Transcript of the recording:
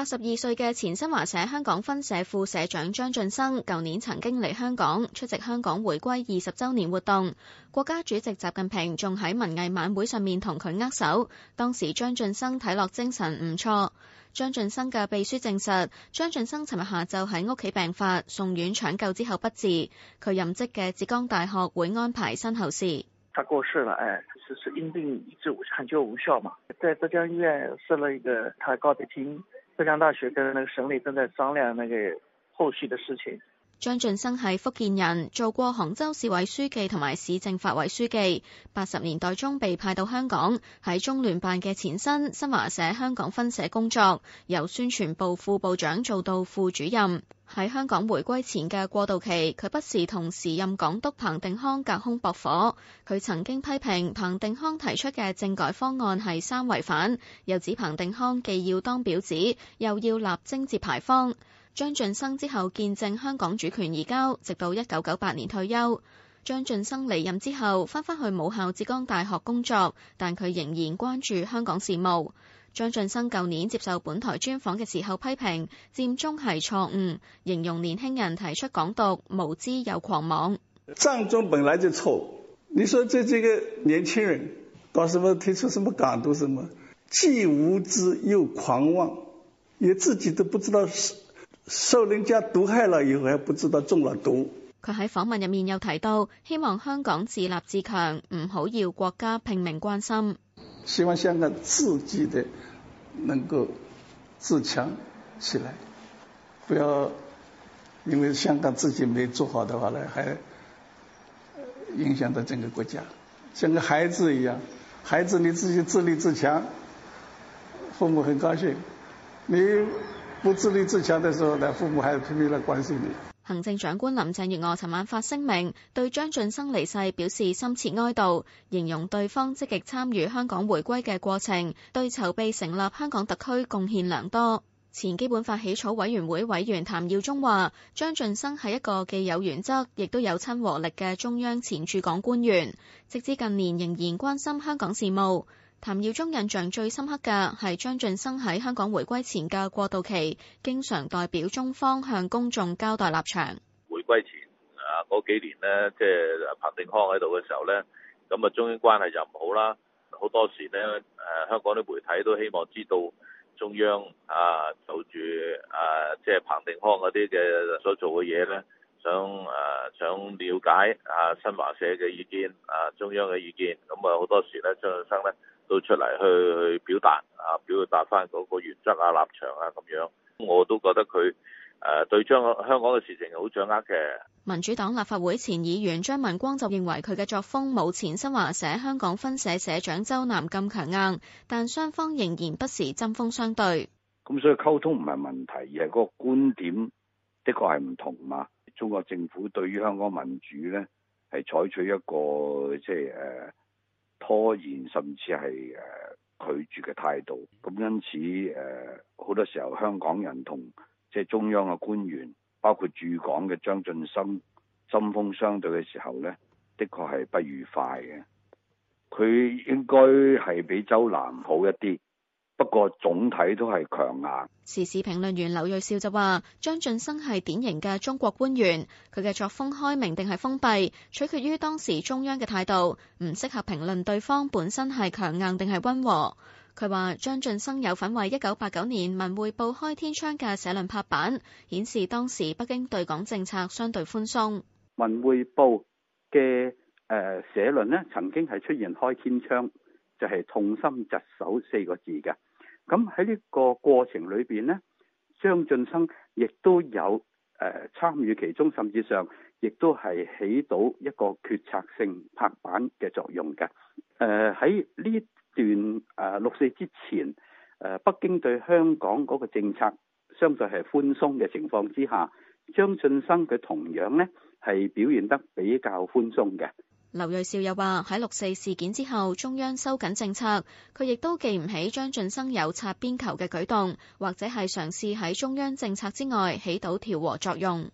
八十二歲嘅前新華社香港分社副社長張浚生，舊年曾經嚟香港出席香港回歸二十周年活動。國家主席習近平仲喺文藝晚會上面同佢握手，當時張浚生睇落精神唔錯。張浚生嘅秘書證實，張浚生尋日下晝喺屋企病發，送院搶救之後不治。佢任職嘅浙江大學會安排身後事。他過世啦，誒，是是因病治搶救無效嘛，在浙江醫院設了一個太告別廳。浙江大學跟那個省裏正在商量那個後續的事情。張浚生係福建人，做過杭州市委書記同埋市政法委書記，八十年代中被派到香港，喺中聯辦嘅前身新華社香港分社工作，由宣傳部副部長做到副主任。喺香港回歸前嘅過渡期，佢不時同時任港督彭定康隔空駁火。佢曾經批評彭定康提出嘅政改方案係三違反，又指彭定康既要當婊子又要立貞節牌坊。張浚生之後見證香港主權移交，直到一九九八年退休。張浚生離任之後，翻返去母校浙江大學工作，但佢仍然關注香港事務。張浚生舊年接受本台專訪嘅時候批評佔中係錯誤，形容年輕人提出港獨無知又狂妄。佔中本來就錯，你說這這個年輕人，搞什麼提出什麼港獨，什麼既無知又狂妄，連自己都不知道受受人家毒害了，以後還不知道中了毒。佢喺訪問入面又提到，希望香港自立自強，唔好要國家拼命關心。希望香港自己的能夠自強起來，不要因為香港自己沒做好的話呢，還影響到整個國家。像個孩子一樣，孩子你自己自立自強，父母很高興；你不自立自強的時候呢，父母還拼命來關心你。行政長官林鄭月娥尋晚發聲明，對張浚生離世表示深切哀悼，形容對方積極參與香港回歸嘅過程，對籌備成立香港特區貢獻良多。前基本法起草委員會委員譚耀宗話：張浚生係一個既有原則，亦都有親和力嘅中央前駐港官員，直至近年仍然關心香港事務。譚耀宗印象最深刻嘅係張浚生喺香港回歸前嘅過渡期，經常代表中方向公衆交代立場。回歸前啊嗰幾年呢，即係彭定康喺度嘅時候咧，咁啊中英關係又唔好啦。好多時咧，誒香港啲媒體都希望知道中央啊，守著啊就住誒即係彭定康嗰啲嘅所做嘅嘢咧，想誒、啊、想了解啊新華社嘅意見啊中央嘅意見，咁啊好多時咧張浚生咧。都出嚟去去表達啊，表達翻嗰個原則啊、立場啊咁樣，我都覺得佢誒、呃、對將香港嘅事情好掌握嘅。民主黨立法會前議員張文光就認為佢嘅作風冇前新華社香港分社社長周南咁強硬，但雙方仍然不時針鋒相對。咁所以溝通唔係問題，而係嗰個觀點的確係唔同嘛。中國政府對於香港民主呢係採取一個即係誒，呃拖延甚至係誒拒絕嘅態度，咁因此誒好多時候香港人同即係中央嘅官員，包括駐港嘅張浚生針鋒相對嘅時候咧，的確係不愉快嘅。佢應該係比周南好一啲。不過總體都係強硬。時事評論員劉瑞兆就話張浚生係典型嘅中國官員佢嘅作風開明定係封閉，取決於當時中央嘅態度，唔適合評論，對方本身係強硬定係溫和。佢話張浚生有份為一九八九年文匯報開天窗嘅社論拍板，顯示當時北京對港政策相對寬鬆。文匯報嘅、呃、社論曾經係出現開天窗就係、是、痛心疾首四個字嘅咁喺呢個過程裏面呢，呢張浚生亦都有誒、呃、參與其中，甚至上亦都係起到一個決策性拍板嘅作用嘅。誒喺呢段誒六四之前，誒、呃、北京對香港嗰個政策相對係寬鬆嘅情況之下，張浚生佢同樣呢係表現得比較寬鬆嘅。劉瑞兆又話喺六四事件之後，中央收緊政策，佢亦都記唔起張浚生有擦邊球嘅舉動，或者係嘗試喺中央政策之外起到調和作用。